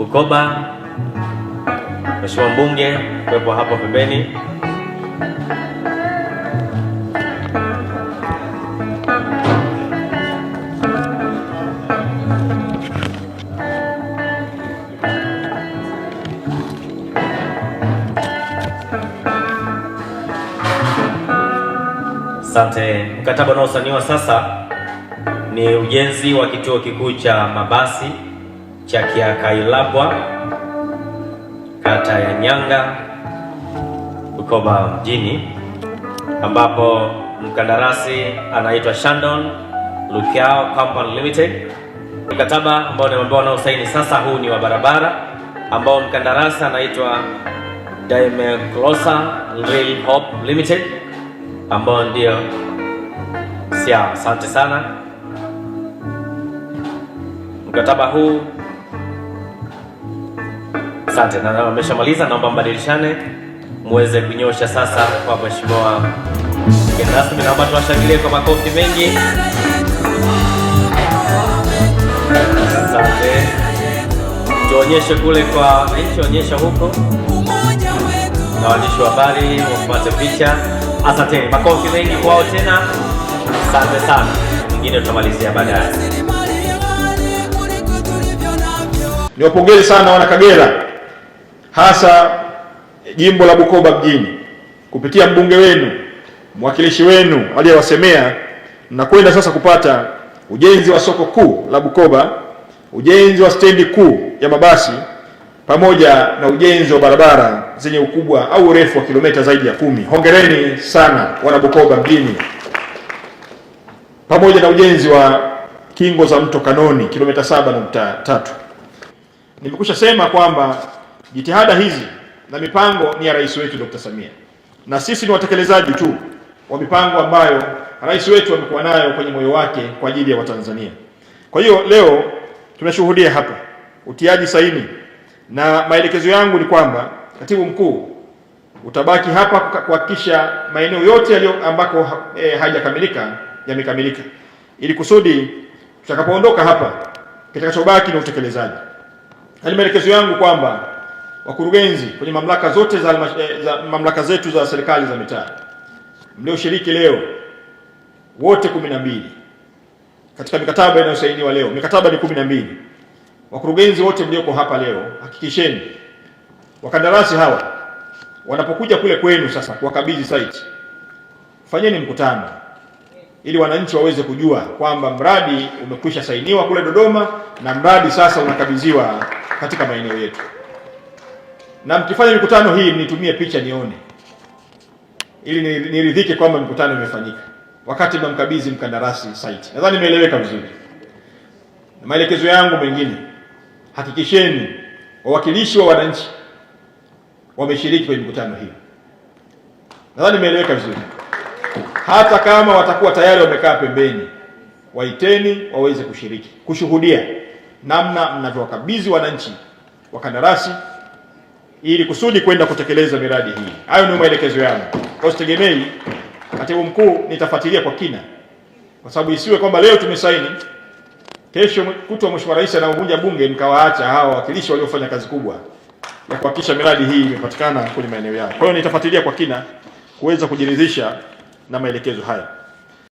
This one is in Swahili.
Bukoba, Mheshimiwa mbunge kuwepo hapo pembeni, asante. Mkataba unaosainiwa sasa ni ujenzi wa kituo kikuu cha mabasi cha Kiakailabwa, kata ya Nyanga, Bukoba mjini, ambapo mkandarasi anaitwa Shandon Lukiao Company Limited. Mkataba ambao nimeambiwa usaini sasa huu ni wa barabara ambao mkandarasi anaitwa Daimeclosa Rail Hope Limited ambao ndio sia Asante sana mkataba huu Asante, na ameshamaliza, naomba mbadilishane muweze kunyosha sasa kwa mheshimiwa mgeni rasmi. Naomba tuwashangilie kwa makofi mengi. Asante, tuonyeshe kule kwa nchi, onyesha huko na waandishi wa habari wapate picha. Asanteni, makofi mengi kwao tena. Asante sana, mwingine tutamalizia baadaye. Niwapongeze sana wana Kagera hasa jimbo la Bukoba mjini kupitia mbunge wenu mwakilishi wenu aliyewasemea, mnakwenda sasa kupata ujenzi wa soko kuu la Bukoba, ujenzi wa stendi kuu ya mabasi pamoja na ujenzi wa barabara zenye ukubwa au urefu wa kilomita zaidi ya kumi. Hongereni sana wana Bukoba mjini, pamoja na ujenzi wa kingo za mto Kanoni kilomita 73 nimekushasema Nimekusha sema kwamba Jitihada hizi na mipango ni ya rais wetu Dr. Samia na sisi ni watekelezaji tu wa mipango ambayo rais wetu amekuwa nayo kwenye moyo wake kwa ajili ya Watanzania. Kwa hiyo leo tumeshuhudia hapa utiaji saini, na maelekezo yangu ni kwamba katibu mkuu utabaki hapa kuhakikisha maeneo yote yaliyo ambako e, hajakamilika yamekamilika, ili kusudi tutakapoondoka hapa kitakachobaki ni utekelezaji. Hali maelekezo yangu kwamba wakurugenzi kwenye mamlaka zote za, eh, za mamlaka zetu za serikali za mitaa mlioshiriki leo wote kumi na mbili katika mikataba inayosainiwa leo, mikataba ni kumi na mbili. Wakurugenzi wote mlioko hapa leo, hakikisheni wakandarasi hawa wanapokuja kule kwenu sasa kuwakabidhi site, fanyeni mkutano ili wananchi waweze kujua kwamba mradi umekwisha sainiwa kule Dodoma na mradi sasa unakabidhiwa katika maeneo yetu na mkifanya mikutano hii mnitumie picha nione, ili niridhike kwamba mikutano imefanyika wakati mnamkabidhi mkandarasi site. Nadhani nimeeleweka vizuri. Na maelekezo yangu mengine, hakikisheni wawakilishi wa wananchi wameshiriki kwenye mikutano hii. Nadhani nimeeleweka vizuri. Hata kama watakuwa tayari wamekaa pembeni, waiteni waweze kushiriki, kushuhudia namna mnavyowakabidhi wananchi wakandarasi ili kusudi kwenda kutekeleza miradi hii. Hayo ni maelekezo yangu. Kwa sitegemei, katibu mkuu, nitafuatilia kwa kina, kwa sababu isiwe kwamba leo tumesaini, kesho kutwa mheshimiwa rais anaovunja bunge nikawaacha hawa wawakilishi waliofanya kazi kubwa ya kuhakikisha miradi hii imepatikana kwenye maeneo yao. Kwa hiyo nitafuatilia kwa kina kuweza kujiridhisha na maelekezo haya.